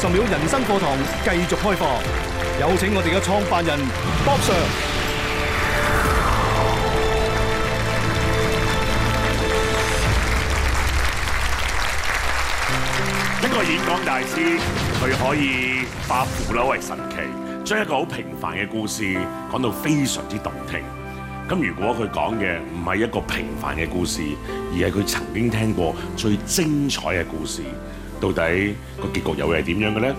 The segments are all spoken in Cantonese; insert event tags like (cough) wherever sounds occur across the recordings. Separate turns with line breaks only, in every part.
十秒人生課堂繼續開課，有請我哋嘅創辦人 Bob Sir，
一個演講大師，佢可以化腐朽為神奇，將一個好平凡嘅故事講到非常之動聽。咁如果佢講嘅唔係一個平凡嘅故事，而係佢曾經聽過最精彩嘅故事。到底個結局又會係點樣嘅呢？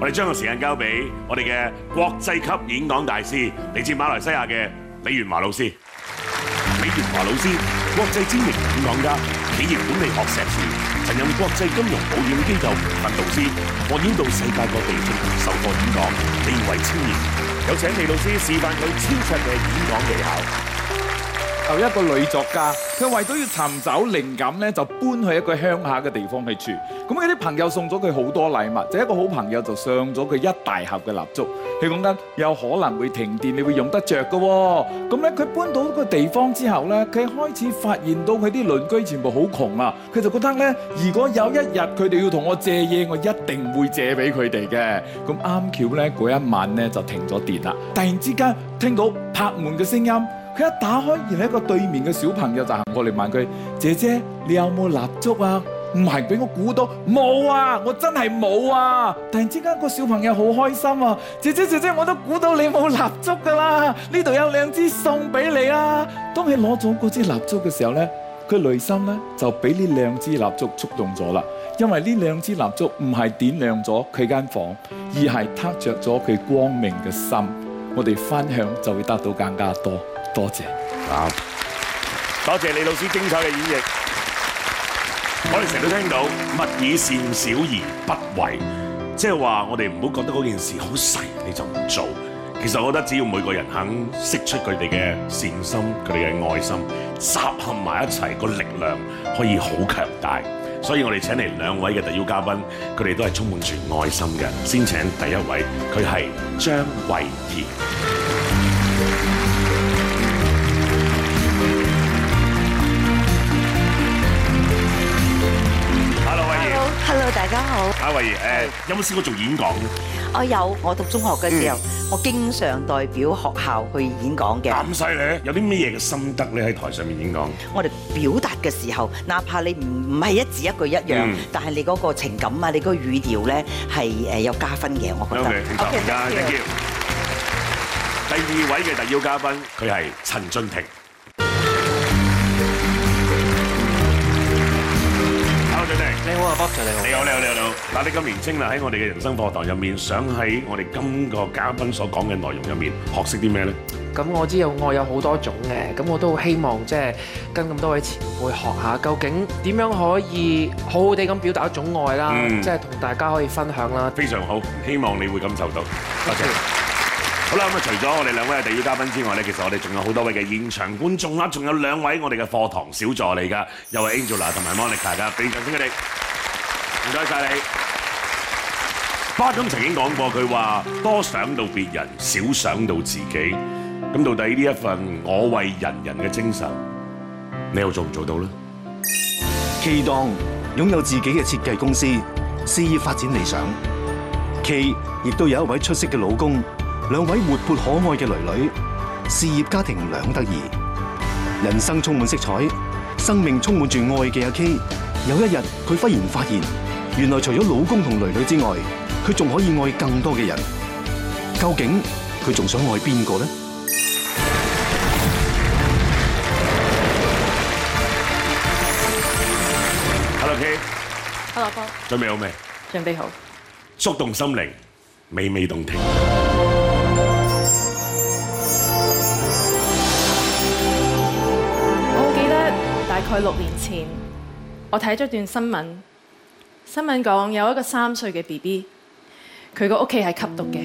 我哋將個時間交俾我哋嘅國際級演講大師，嚟自馬來西亞嘅李元華老師。李元華老師，國際知名演講家，企業管理學碩士，曾任國際金融保險機構培訓導師，講演到世界各地進行授課演講，地位超
然。有請李老師示範佢超卓嘅演講技巧。有一個女作家，佢為咗要尋找靈感咧，就搬去一個鄉下嘅地方去住。咁佢啲朋友送咗佢好多禮物，就是、一個好朋友就上咗佢一大盒嘅蠟燭。佢講得有可能會停電，你會用得着噶。咁咧，佢搬到個地方之後咧，佢開始發現到佢啲鄰居全部好窮啊。佢就覺得咧，如果有一日佢哋要同我借嘢，我一定會借俾佢哋嘅。咁啱巧咧，嗰一晚咧就停咗電啦。突然之間聽到拍門嘅聲音。佢一打開，然後一個對面嘅小朋友就行過嚟問佢：姐姐，你有冇蠟燭啊？唔係俾我估到冇啊！我真係冇啊！突然之間個小朋友好開心啊！姐姐姐姐，我都估到你冇蠟燭㗎啦！呢度有兩支送俾你啦，啊！當佢攞咗嗰支蠟燭嘅時候呢，佢內心呢就俾呢兩支蠟燭觸動咗啦。因為呢兩支蠟燭唔係點亮咗佢間房，而係揀着咗佢光明嘅心。我哋分享就會得到更加多。多謝啊！
多謝李老師精彩嘅演繹，我哋成日都聽到勿以善小而不為，即係話我哋唔好覺得嗰件事好細，你就唔做。其實我覺得只要每個人肯釋出佢哋嘅善心、佢哋嘅愛心，集合埋一齊，個力量可以好強大。所以我哋請嚟兩位嘅特邀嘉賓，佢哋都係充滿住愛心嘅。先請第一位，佢係張慧儀。
大家好，阿威爺，有冇試過做演講？我有，我讀中學嘅時候，我經常代表學校去演講嘅。咁犀利，有啲咩嘢嘅心得咧？喺台上面演講。我哋表達嘅時候，哪怕你唔唔係一字一句一樣，嗯、但係你嗰個情感啊，你嗰個語調咧係誒有加分嘅，我覺得好的。多謝，多謝。
第二位嘅特邀嘉賓，
佢係陳浚霆。
你好啊，Bob，你好。你好，你好，你好。好，嗱，你咁年青啦，喺我哋嘅人生課堂入面，想喺我哋今個嘉賓所講嘅內容入面，學識啲咩咧？
咁我知有愛有好多種嘅，咁我都希望即係跟咁多位前輩學下，究竟點樣可以好好地咁表達一種愛啦，即係同大家可以分享啦。非
常好，希望你會感受到。多謝。好啦，咁啊除咗我哋兩位特邀嘉賓之外咧，其實我哋仲有好多位嘅現場觀眾啦、啊，仲有兩位我哋嘅課堂小助理噶，又係 Angela 同埋 Monica 噶，非常先佢哋，唔該晒，你。巴金曾經講過，佢話多想到別人，少想到自己。咁到底呢一份我為人人嘅精神，
你又做唔做到咧？Kaye Dong 擁有自己嘅設計公司，事業發展理想。Kaye Dong 亦都有一位出色嘅老公。兩位活潑可愛嘅囡囡，事業家庭兩得意，人生充滿色彩，生命充滿住愛嘅阿 K，有一日佢忽然發現，原來除咗老公同囡囡之外，佢仲可以愛更多嘅人。究竟佢仲想愛邊個呢？Hello
K，Hello Paul，準備好未？準
備好，觸動心靈，娓娓動聽。
大概六年前，我睇咗段新聞，新聞講有一個三歲嘅 B B，佢個屋企係吸毒嘅，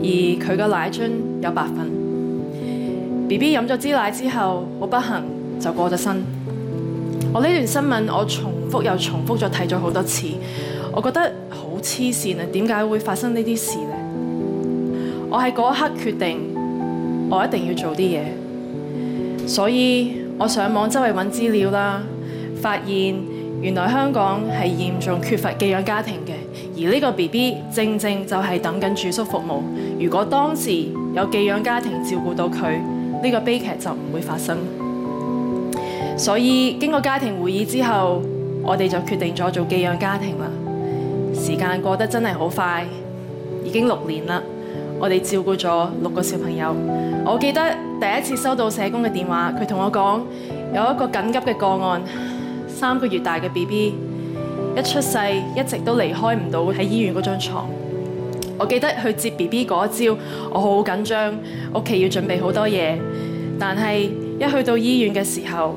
而佢個奶樽有白粉。B B 飲咗支奶之後，好不幸就過咗身。我呢段新聞我重複又重複咗睇咗好多次，我覺得好黐線啊！點解會發生呢啲事呢？我喺嗰一刻決定，我一定要做啲嘢，所以。我上網周圍揾資料啦，發現原來香港係嚴重缺乏寄養家庭嘅，而呢個 BB 正正就係等緊住宿服務。如果當時有寄養家庭照顧到佢，呢個悲劇就唔會發生。所以經過家庭會議之後，我哋就決定咗做寄養家庭啦。時間過得真係好快，已經六年啦。我哋照顧咗六個小朋友。我記得第一次收到社工嘅電話，佢同我講有一個緊急嘅個案，三個月大嘅 BB，一出世一直都離開唔到喺醫院嗰張床。我記得去接 BB 嗰一朝，我好緊張，屋企要準備好多嘢。但係一去到醫院嘅時候，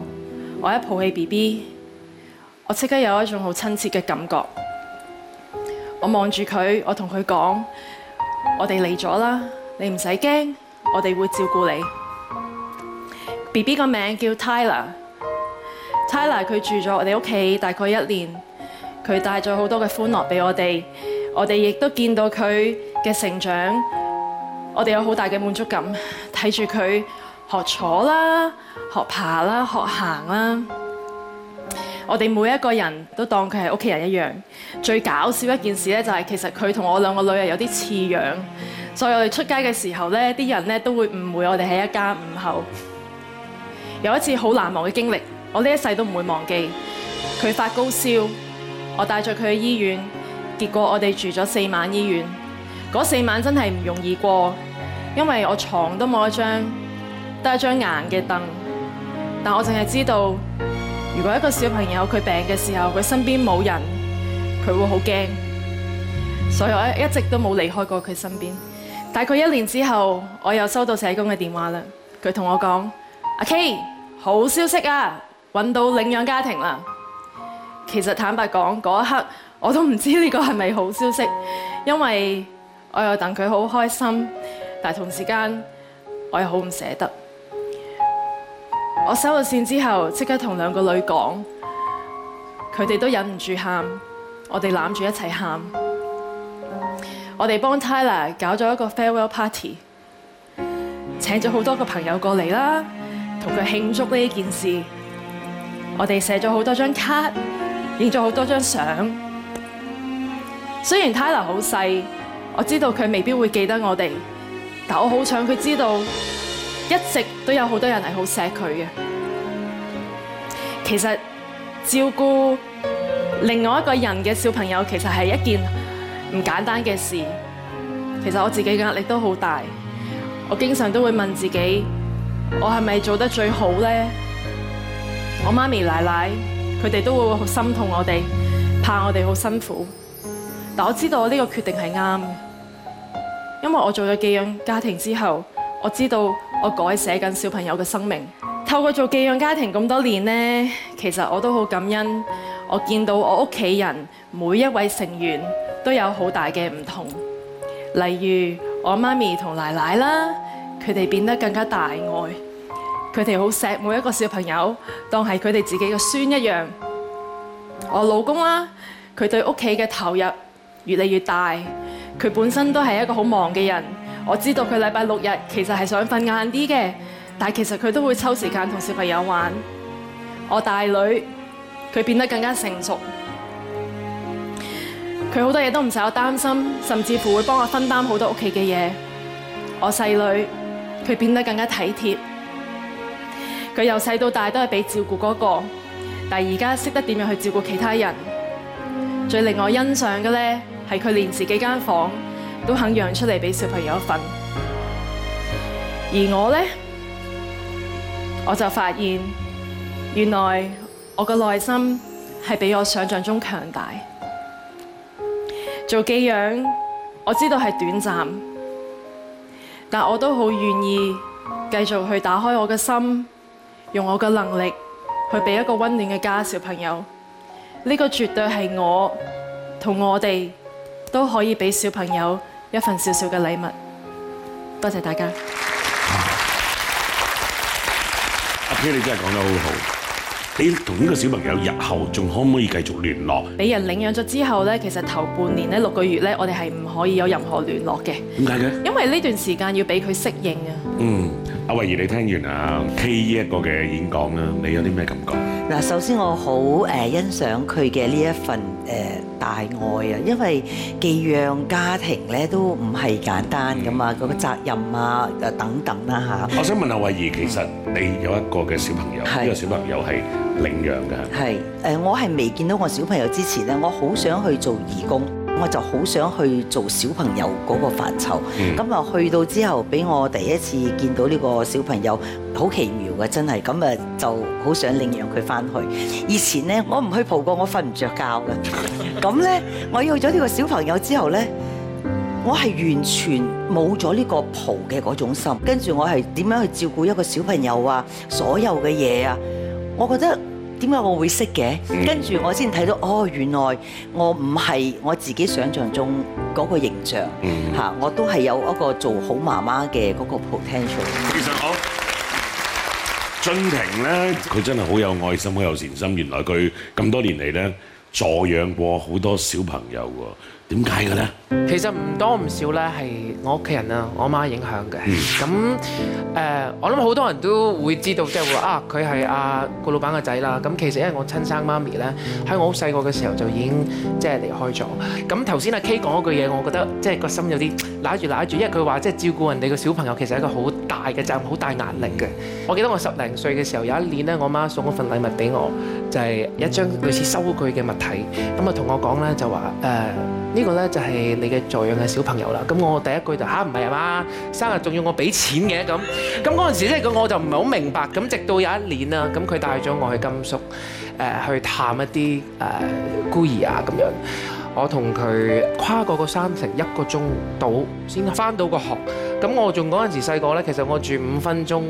我一抱起 BB，我即刻有一種好親切嘅感覺。我望住佢，我同佢講。我哋嚟咗啦，你唔使驚，我哋會照顧你。BB 個名叫 Tyler，Tyler 佢住咗我哋屋企大概一年，佢帶咗好多嘅歡樂俾我哋，我哋亦都見到佢嘅成長，我哋有好大嘅滿足感，睇住佢學坐啦，學爬啦，學行啦。我哋每一個人都當佢係屋企人一樣。最搞笑的一件事就係其實佢同我兩個女係有啲似樣。所以我哋出街嘅時候呢，啲人呢都會誤會我哋係一家五口。有一次好難忘嘅經歷，我呢一世都唔會忘記。佢發高燒，我帶着佢去醫院，結果我哋住咗四晚醫院。嗰四晚真係唔容易過，因為我床都冇一張，得一張硬嘅凳。但我淨係知道。如果一個小朋友佢病嘅時候，佢身邊冇人，佢會好驚，所以我一直都冇離開過佢身邊。大概一年之後，我又收到社工嘅電話啦。佢同我講：阿 K，好消息啊，搵到領養家庭喇。其實坦白講，嗰一刻我都唔知呢個係咪好消息？因為我又等佢好開心，但同時間我又好唔捨得。我收咗線之後，即刻同兩個女講，佢哋都忍唔住喊，我哋攬住一齊喊，我哋幫 Tyler 搞咗一個 farewell party，請咗好多個朋友過嚟啦，同佢慶祝呢件事，我哋寫咗好多張卡，影咗好多張相，雖然 Tyler 好細，我知道佢未必會記得我哋，但我好想佢知道。一直都有好多人係好錫佢嘅。其實照顧另外一個人嘅小朋友，其實係一件唔簡單嘅事。其實我自己嘅壓力都好大，我經常都會問自己，我係咪做得最好呢？我媽咪、奶奶，佢哋都會好心痛我哋，怕我哋好辛苦。但我知道我呢個決定係啱嘅，因為我做咗寄養家庭之後，我知道。我改寫緊小朋友嘅生命。透過做寄養家庭咁多年呢，其實我都好感恩。我見到我屋企人每一位成員都有好大嘅唔同。例如我媽咪同奶奶啦，佢哋變得更加大愛。佢哋好錫每一個小朋友，當係佢哋自己嘅孫一樣。我老公啦，佢對屋企嘅投入越嚟越大。佢本身都係一個好忙嘅人。我知道佢禮拜六日其實係想瞓晏啲嘅，但其實佢都會抽時間同小朋友玩。我大女佢變得更加成熟，佢好多嘢都唔使我擔心，甚至乎會幫我分擔好多屋企嘅嘢。我細女佢變得更加體貼，佢由細到大都係俾照顧嗰個，但而家識得點樣去照顧其他人。最令我欣賞嘅呢係佢連自己間房都肯讓出嚟俾小朋友一份，而我呢，我就發現，原來我嘅內心係比我想象中強大。做寄養，我知道係短暫，但我都好願意繼續去打開我嘅心，用我嘅能力去俾一個溫暖嘅家小朋友。呢、這個絕對係我同我哋都可以俾小朋友。一份少少嘅禮物，多謝大家。
阿 Kaye，你真係講得好好。你同呢個小朋友日後仲可唔可以繼續聯絡？
俾人領養咗之後咧，其實頭半年呢，六個月咧，我哋係唔可以有任何聯絡嘅。點解嘅？因為呢段時間要俾佢適應啊。嗯。
阿慧儀，你聽完啊 Kaye 一個嘅演講啦，你有啲咩感覺？
嗱，首先我好誒欣賞佢嘅呢一份誒大愛啊，因為寄養家庭咧都唔係簡單㗎嘛，嗰個責任啊誒等等啦嚇。我想問
阿慧儀，其實你有一個嘅小朋友，呢
個小朋友係領養嘅。係誒，我係未見到我小朋友之前咧，我好想去做義工。我就好想去做小朋友嗰個範疇，咁、嗯、啊去到之後，俾我第一次見到呢個小朋友，好奇妙嘅真係，咁啊就好想領養佢翻去。以前咧，我唔去蒲過，我瞓唔着覺嘅。咁 (laughs) 咧，我要咗呢個小朋友之後咧，我係完全冇咗呢個蒲嘅嗰種心。跟住我係點樣去照顧一個小朋友啊？所有嘅嘢啊，我覺得。點解我會識嘅？跟住我先睇到，哦，原來我唔係我自己想像中嗰個形象，嚇，我都係有一個做好媽媽嘅嗰個 potential。其實我浚霆呢，
佢真係好有愛心、好有善心。原來佢咁多年嚟呢，助養過好多小朋友喎。點解嘅咧？
其實唔多唔少咧，係我屋企人啊，我媽影響嘅。咁誒，我諗好多人都會知道，即係話啊，佢係阿顧老闆嘅仔啦。咁其實因為我親生媽咪咧，喺我好細個嘅時候就已經即係離開咗。咁頭先阿 K 講嗰句嘢，我覺得即係個心有啲揦住揦住，因為佢話即係照顧人哋嘅小朋友，其實係一個好大嘅責任，好大壓力嘅。我記得我十零歲嘅時候，有一年咧，我媽送咗份禮物俾我，就係一張類似收據嘅物體。咁啊，同我講咧就話誒。呃呢個呢，就係你嘅助養嘅小朋友啦。咁我第一句就吓，唔係啊嘛，生日仲要我俾錢嘅咁。咁嗰陣時呢，咁我就唔係好明白。咁直到有一年啦，咁佢帶咗我去甘肅、呃、去探一啲誒、呃、孤兒啊咁樣。我同佢跨過個山城一個鐘到先返到個學。咁我仲嗰陣時細個呢，其實我住五分鐘誒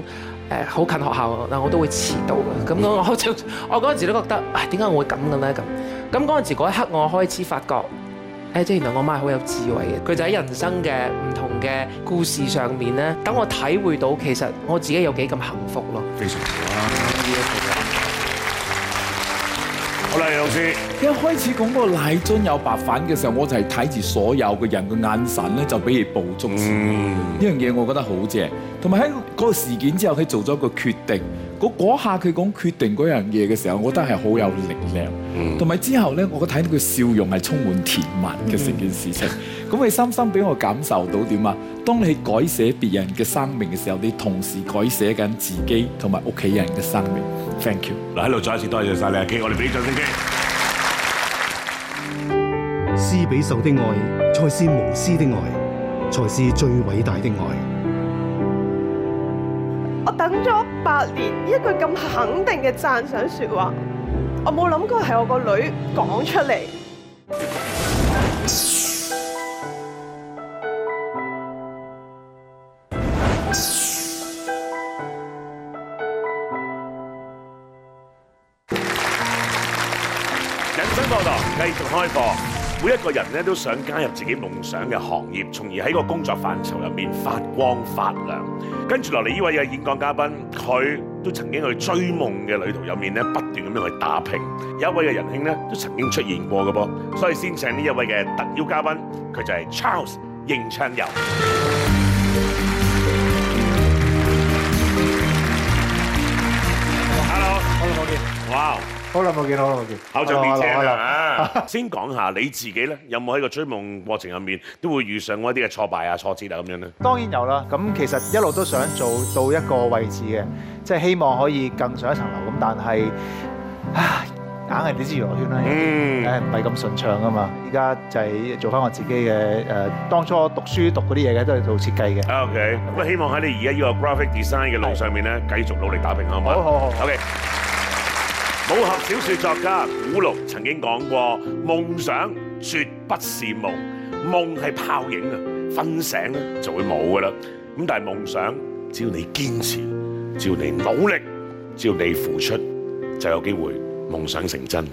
好、呃、近學校，但我都會遲到嘅。咁我我就我嗰陣時都覺得，唉，點解我會咁嘅呢？咁咁嗰陣時嗰一刻，我開始發覺。誒，即原來我媽好有智慧嘅，佢就喺人生嘅唔同嘅故事上面咧，等我體會到其實我自己有幾咁幸福咯。非常，
好啦好，
楊老師，一
開始講嗰個奶樽
有白粉嘅時候，我就係睇住所有嘅人嘅眼神咧，就俾你捕捉。嗯，呢樣嘢我覺得好正，同埋喺嗰個事件之後，佢做咗個決定。嗰下佢講決定嗰樣嘢嘅時候，我覺得係好有力量，同埋之後咧，我嘅睇到佢笑容係充滿甜蜜嘅成件事情。咁佢深深俾我感受到點啊？當你改寫別人嘅生命嘅時候，你同時改寫緊自己同埋屋企人嘅生命。Thank you！
嗱喺度再一次多謝晒你阿 K，我哋俾啲獎先。
施比受的愛，才是無私的愛，才是最偉大的愛。
咗八年，一句咁肯定嘅讚賞説話，我冇諗過係我個女講出嚟。
人生報道，繼續開播。每一個人咧都想加入自己夢想嘅行業，從而喺個工作範疇入面發光發亮。跟住落嚟呢位嘅演講嘉賓，佢都曾經去追夢嘅旅途入面咧，不斷咁樣去打拼。有一位嘅仁兄咧，都曾經出現過嘅噃，所以先請呢一位嘅特邀嘉賓，佢就係 Charles 應昌佑。
Hello，歡迎歡迎，哇！好好好耐冇見，好耐
冇見。口像變正啦，
先講下你自己咧，有冇喺個追夢過程入面都會遇上過一啲嘅挫敗啊、挫折啊咁樣咧？當然
有啦。咁其實一路都想做到一個位置嘅，即係希望可以更上一層樓。咁但係唉，硬係點知娛樂圈咧，唉唔係咁順暢㗎嘛。依家就係做翻我自己嘅誒，當初讀書讀嗰啲嘢嘅都係做設計嘅。
OK，咁希望喺你而家要有 graphic design 嘅路上面咧，繼續努力打拼，好唔好？好好好。OK。武俠小說作家古龍曾經講過：夢想絕不是夢，夢係泡影啊！瞓醒咧就會冇噶啦。咁但係夢想，只要你堅持，只要你努力，只要你付出，就有機會夢想成真。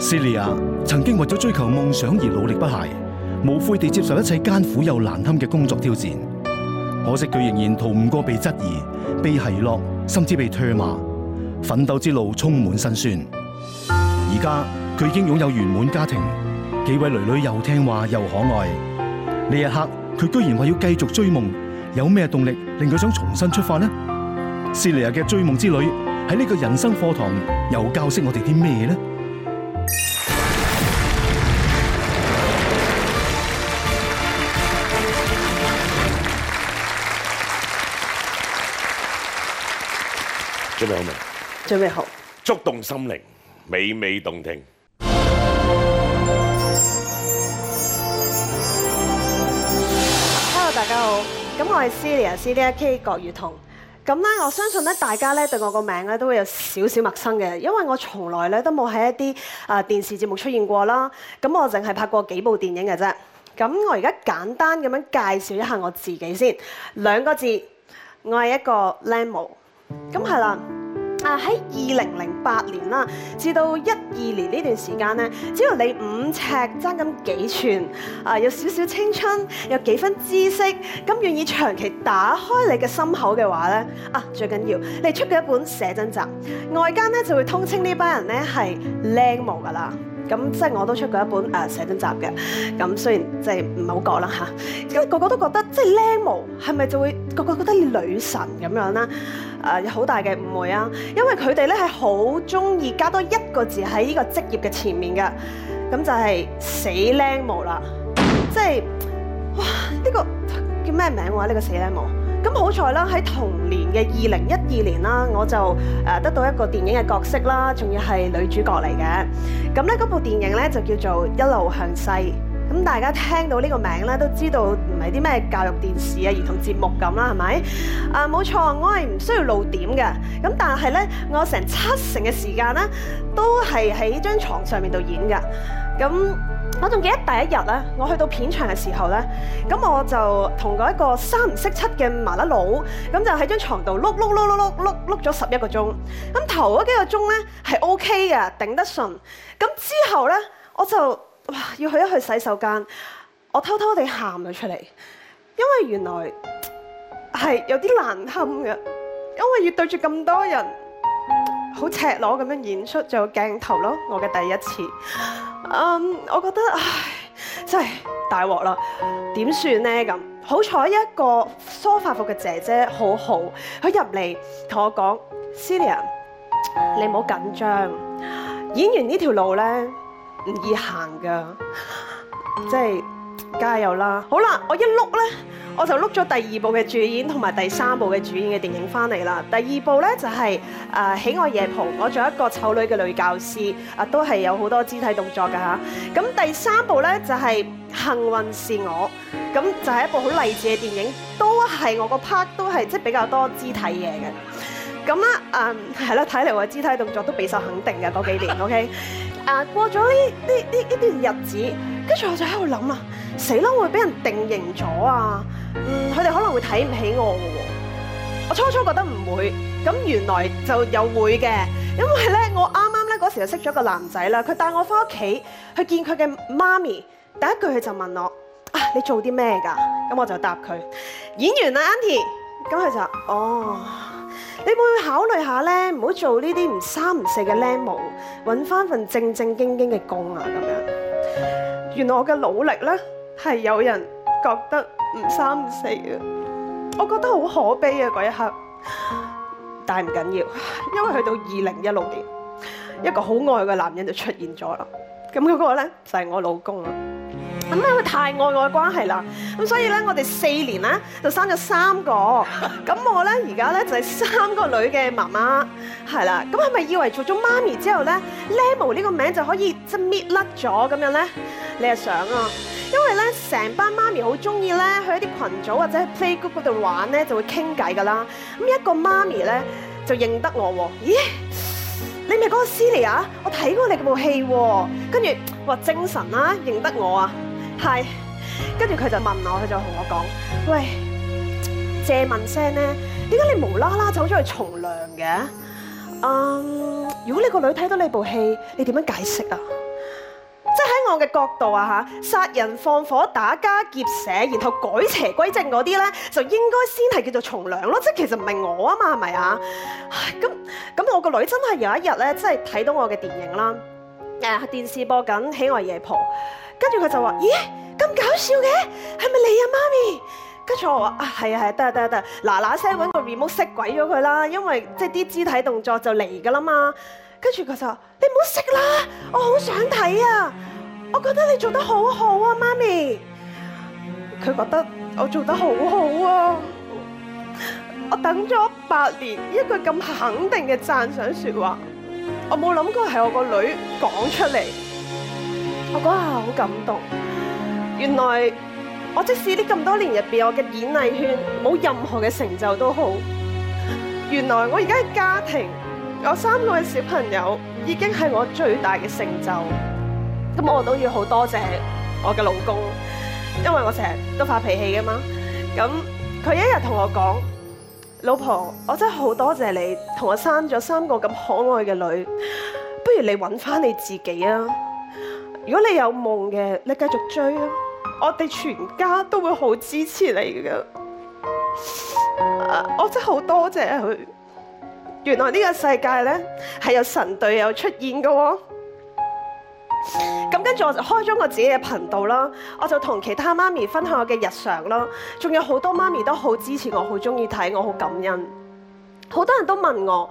斯莉亞曾經為咗追求夢想而努力不懈，無悔地接受一切艱苦又難堪嘅工作挑戰。可惜佢仍然逃唔過被質疑、被奚落，甚至被唾罵。奮鬥之路充滿辛酸，而家佢已經擁有圓滿家庭，幾位囡囡又聽話又可愛。呢一刻，佢居然話要繼續追夢，有咩動力令佢想重新出發呢？謝尼亞嘅追夢之旅喺呢個人生課堂又教識我哋啲咩呢？
真係好準備好，觸動心靈，娓娓動聽。
Hello，大家好。咁我係 Celia，Celia K 郭玥彤。咁咧，我相信咧，大家咧對我個名咧都會有少少陌生嘅，因為我從來咧都冇喺一啲啊電視節目出現過啦。咁我淨係拍過幾部電影嘅啫。咁我而家簡單咁樣介紹一下我自己先。兩個字，我係一個靚模。咁係啦。啊！喺二零零八年啦，至到一二年呢段時間呢，只要你五尺爭咁幾寸，啊有少少青春，有幾分知識，咁願意長期打開你嘅心口嘅話呢，啊最緊要你出嘅一本寫真集，外間呢就會通稱呢班人呢係靚模噶啦。咁即係我都出過一本誒寫真集嘅，咁雖然即係唔係好覺啦嚇，因為個個都覺得即係靚模係咪就會個個覺得女神咁樣啦？有好大嘅誤會啊！因為佢哋咧係好中意加多一個字喺呢個職業嘅前面嘅，咁就係死靚模啦！即係哇，呢個叫咩名話呢個死靚模？咁好彩啦！喺同年嘅二零一二年啦，我就誒得到一個電影嘅角色啦，仲要係女主角嚟嘅。咁咧部電影咧就叫做《一路向西》。咁大家聽到呢個名咧都知道唔係啲咩教育電視啊、兒童節目咁啦，係咪？啊冇錯，我係唔需要露點嘅。咁但係咧，我成七成嘅時間咧都係喺張床上面度演㗎。咁。我仲記得第一日咧，我去到片場嘅時候咧，咁我就同嗰一個三唔識七嘅麻甩佬，咁就喺張床度碌碌碌碌碌碌碌咗十一個鐘。咁頭嗰幾個鐘咧係 OK 嘅，頂得順。咁之後咧，我就哇要去一去洗手間，我偷偷地喊咗出嚟，因為原來係有啲難堪嘅，因為要對住咁多人，好赤裸咁樣演出，仲有鏡頭咯，我嘅第一次。嗯、um，我覺得唉真係大鑊啦，點算呢？咁，好彩一個梳化服嘅姐姐好好，佢入嚟同我講：Celia，你唔好緊張，演員呢條路咧唔易行㗎，即係加油啦！好啦，我一碌咧。我就 look 咗第二部嘅主演同埋第三部嘅主演嘅電影翻嚟啦。第二部咧就係、是、誒《喜愛夜蒲》，我做一個醜女嘅女教師，啊都係有好多肢體動作嘅嚇。咁第三部咧就係、是《幸運是我》，咁就係一部好勵志嘅電影，都係我個 part 都係即係比較多肢體嘢嘅。咁啊誒係啦，睇、嗯、嚟我肢體動作都備受肯定嘅嗰幾年，OK？啊 (laughs) 過咗呢呢呢一段日子。跟住我就喺度諗啊，死啦，會俾人定型咗啊，嗯，佢哋可能會睇唔起我喎。我初初覺得唔會，咁原來就有會嘅，因為咧我啱啱咧嗰時就識咗個男仔啦，佢帶我翻屋企去見佢嘅媽咪，第一句佢就問我啊，你做啲咩噶？咁我就答佢演員啊，Auntie。咁佢就哦，你會唔會考慮下咧，唔好做呢啲唔三唔四嘅靚模，搵翻份正正經經嘅工啊咁樣。原來我嘅努力咧係有人覺得唔三唔四嘅。我覺得好可悲啊嗰一刻，但係唔緊要，因為去到二零一六年，一個好愛嘅男人就出現咗啦。咁嗰個咧就係我老公啦。咁因為佢太愛我嘅關係啦，咁所以咧我哋四年咧就生咗三個。咁我咧而家咧就係三個女嘅媽媽係啦。咁係咪以為做咗媽咪之後咧，靚模呢個名就可以即係搣甩咗咁樣咧？你又相啊？因為咧，成班媽咪好中意咧，去一啲群組或者 playgroup 嗰度玩咧，就會傾偈噶啦。咁一個媽咪咧就認得我喎。咦，你咪嗰個 Celia？我睇過你部戲，跟住話精神啦、啊，認得我啊。係，跟住佢就問我，佢就同我講：喂，借問聲咧，點解你無啦啦走咗去從良嘅？嗯，如果你個女睇到你部戲，你點樣解釋啊？喺我嘅角度啊吓，殺人放火打家劫舍，然後改邪歸正嗰啲咧，就應該先係叫做從良咯。即係其實唔係我啊嘛，係咪啊？咁咁，我個女真係有一日咧，真係睇到我嘅電影啦，誒、啊，電視播緊《喜愛夜蒲》，跟住佢就話：，咦，咁搞笑嘅，係咪你啊媽咪？跟住我話：啊，係啊係，得啊得啊得，嗱嗱聲搵個 remote 熄鬼咗佢啦，因為即係啲肢體動作就嚟噶啦嘛。跟住佢就話：，你唔好熄啦，我好想睇啊！我覺得你做得好好啊，媽咪。佢覺得我做得好好啊。我等咗八年，一句咁肯定嘅讚賞說話，我冇諗過係我個女講出嚟。我嗰下好感動。原來我即使呢咁多年入邊，我嘅演藝圈冇任何嘅成就都好。原來我而家嘅家庭有三個嘅小朋友，已經係我最大嘅成就。咁我都要好多謝我嘅老公，因為我成日都發脾氣嘅嘛。咁佢一日同我講：老婆，我真係好多謝你同我生咗三個咁可愛嘅女。不如你揾翻你自己啊！如果你有夢嘅，你繼續追咯。我哋全家都會好支持你嘅。我真係好多謝佢。原來呢個世界呢，係有神隊友出現嘅喎。咁跟住我就開咗我自己嘅頻道啦，我就同其他媽咪分享我嘅日常啦，仲有好多媽咪都好支持我，很喜歡看，好中意睇我，好感恩。好多人都問我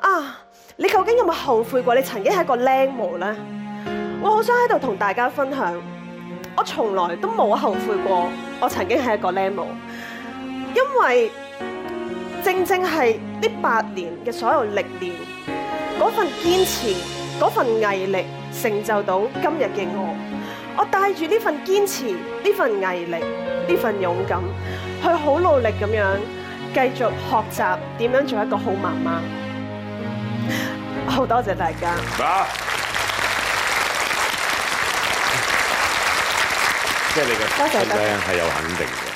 啊，你究竟有冇後悔過你曾經係個靚模呢？我好想喺度同大家分享，我從來都冇後悔過我曾經係一個靚模，因為正正係呢八年嘅所有歷練，嗰份堅持，嗰份毅力，成就到今日嘅我，我帶住呢份堅持、呢份毅力、呢份勇敢，去好努力咁樣繼續學習點樣做一個好媽媽。好多謝大家。
即係你嘅，多謝係有肯定嘅。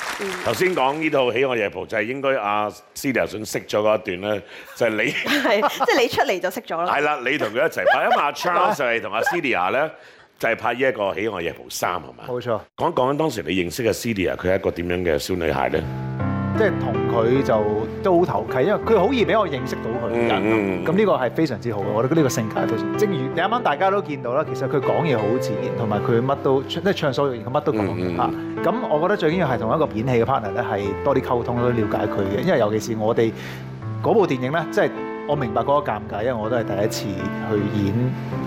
頭先講呢套《喜愛夜蒲》就係應該阿 Cilia 想識咗嗰一段咧，就係你
係，即係你出嚟就識咗啦。係
啦，你同佢一齊拍，因為阿 Charles 就係同阿 Cilia 咧，就係拍呢一個《喜愛夜蒲三》係嘛？冇錯。講講當時你認識阿 Cilia，佢係一個點樣嘅小女孩咧？
即係同佢就都好投契，因為佢好易俾我認識到佢。嗯嗯。咁呢個係非常之好嘅，我覺得呢個性格。正如你啱啱大家都見到啦，其實佢講嘢好自然，同埋佢乜都即係暢所欲言，佢乜都講。嗯。嗯。咁我覺得最緊要係同一個演戲嘅 partner 咧，係多啲溝通，多啲了解佢嘅。因為尤其是我哋嗰部電影呢，即係我明白嗰個尷尬，因為我都係第一次去演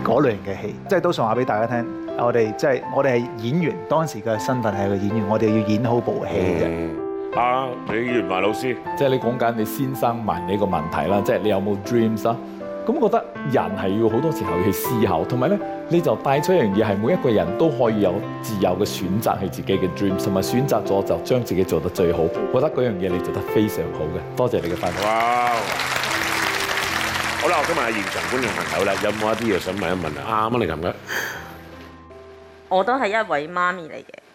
嗰類型嘅戲。即係都想話俾大家聽，我哋即係我哋係演員，當時嘅身份係個演員，我哋要演好部戲嘅。嗯。
啊，李月華老師，即係你講緊你先生問你個問題啦，即係你有冇 dreams 啊？咁我覺得人係要好多時候去思考，同埋咧，你就帶出一樣嘢，係每一個人都可以有自由嘅選擇，係自己嘅 dreams 同埋選擇咗就將自己做得最好。覺得嗰樣嘢你做得非常好嘅，多謝你嘅分
享。好啦，我今日現場觀眾朋友啦，有冇一啲嘢想問一問啊？阿媽玲咁嘅，
我都係一位媽咪嚟嘅。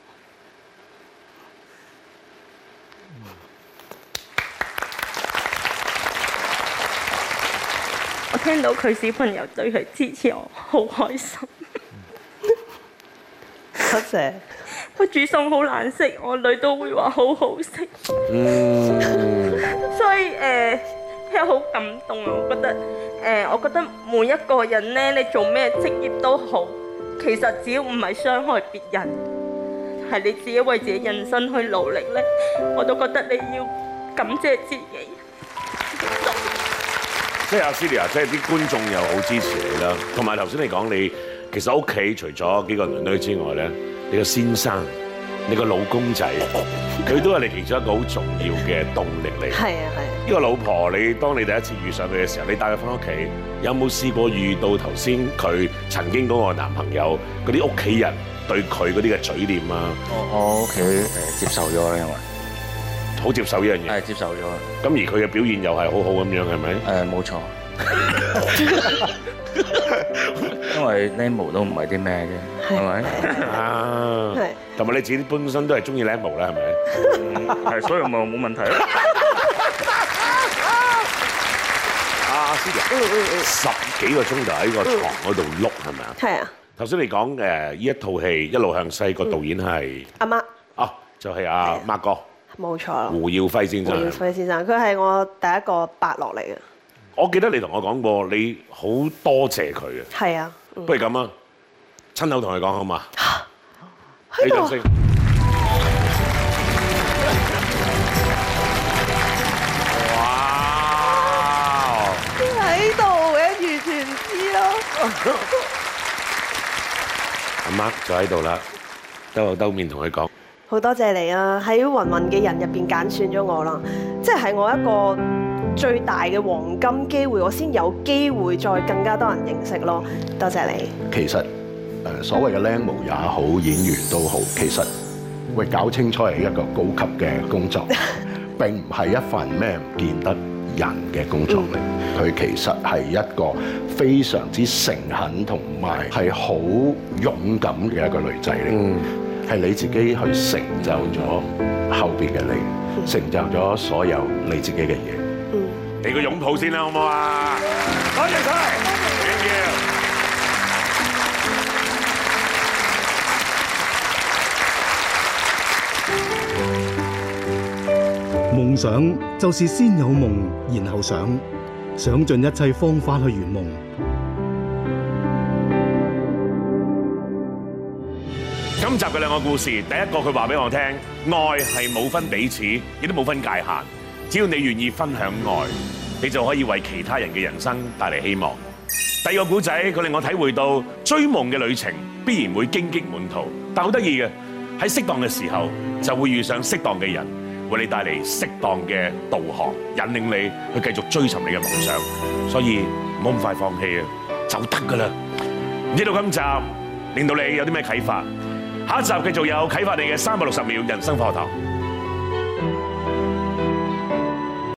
我聽到佢小朋友對佢支持我，我好開心。多 (laughs) 謝,謝。佢煮餸好難食，我女都會話好好食。嗯、 (laughs) 所以誒，今、呃、好感動啊！我覺得誒、呃，我覺得每一個人呢，你做咩職業都好，其實只要唔係傷害別人，係你自己為自己人生去努力呢、嗯。
我都覺得你要感謝自己。
即係阿 Celia，即係啲觀眾又好支持你啦。同埋頭先你講你其實屋企除咗幾個鄰居之外咧，你個先生、你個老公仔，佢都係你其中一個好重要嘅動力嚟。係啊係。呢個老婆，你當你第一次遇上佢嘅時候，你帶佢翻屋企，有冇試過遇到頭先佢曾經嗰個男朋友嗰啲屋企人對佢嗰啲嘅嘴臉啊？我
我屋企誒
接受咗，因為。好接受呢樣嘢，係接受咗。咁而佢嘅表現又係好好咁樣，係咪？誒，冇錯。因為靚模都唔係啲咩啫，係咪？係。同埋你自己本身都係中意靚模啦，係咪？係，所以咪冇問題
咯。阿師姐，
十幾個鐘就喺個牀嗰度碌，係咪啊？係啊。頭先你講誒呢一套戲一路向西，個導演係阿媽。哦，就係阿 Mark 哥。
冇錯啦，胡
耀輝先生。胡耀輝
先生，佢係我第一個伯樂嚟嘅。
我記得你同我講過，你好多謝佢
嘅。係啊，
不如咁啊，親口同佢講好嘛？
喺度。
哇！
喺度，嘅，完全唔知咯。阿
(laughs) 媽，媽就，就喺度啦，兜口兜面同佢講。
好多謝你啊，喺芸芸嘅人入邊揀選咗我啦，即係我一個最大嘅黃金機會，我先有機會再更加多人認識咯。多謝你。
其實所謂嘅靚模也好，演員都好，其實會搞清楚係一個高級嘅工作，並唔係一份咩唔見得人嘅工作嚟。佢 (laughs) 其實係一個非常之誠懇同埋係好勇敢嘅一個女仔嚟。 (laughs) 係你自己去成就咗後面嘅你，成就咗所有你自己嘅嘢。
你個擁抱先啦，嗯、謝謝好唔好啊？多謝，多謝。
夢想就是先有夢，然後想，想盡一切方法去圓夢。
今集嘅兩個故事，第一個佢話俾我聽，愛係冇分彼此，亦都冇分界限。只要你願意分享愛，你就可以為其他人嘅人生帶嚟希望。第二個故仔，佢令我體會到追夢嘅旅程必然會荊棘滿途，但好得意嘅，喺適當嘅時候就會遇上適當嘅人，為你帶嚟適當嘅導航，引領你去繼續追尋你嘅夢想。所以唔好咁快放棄啊，就得噶啦。呢度今集令到你有啲咩啟發？下一集繼續有啟發你嘅三百六十秒人生課堂。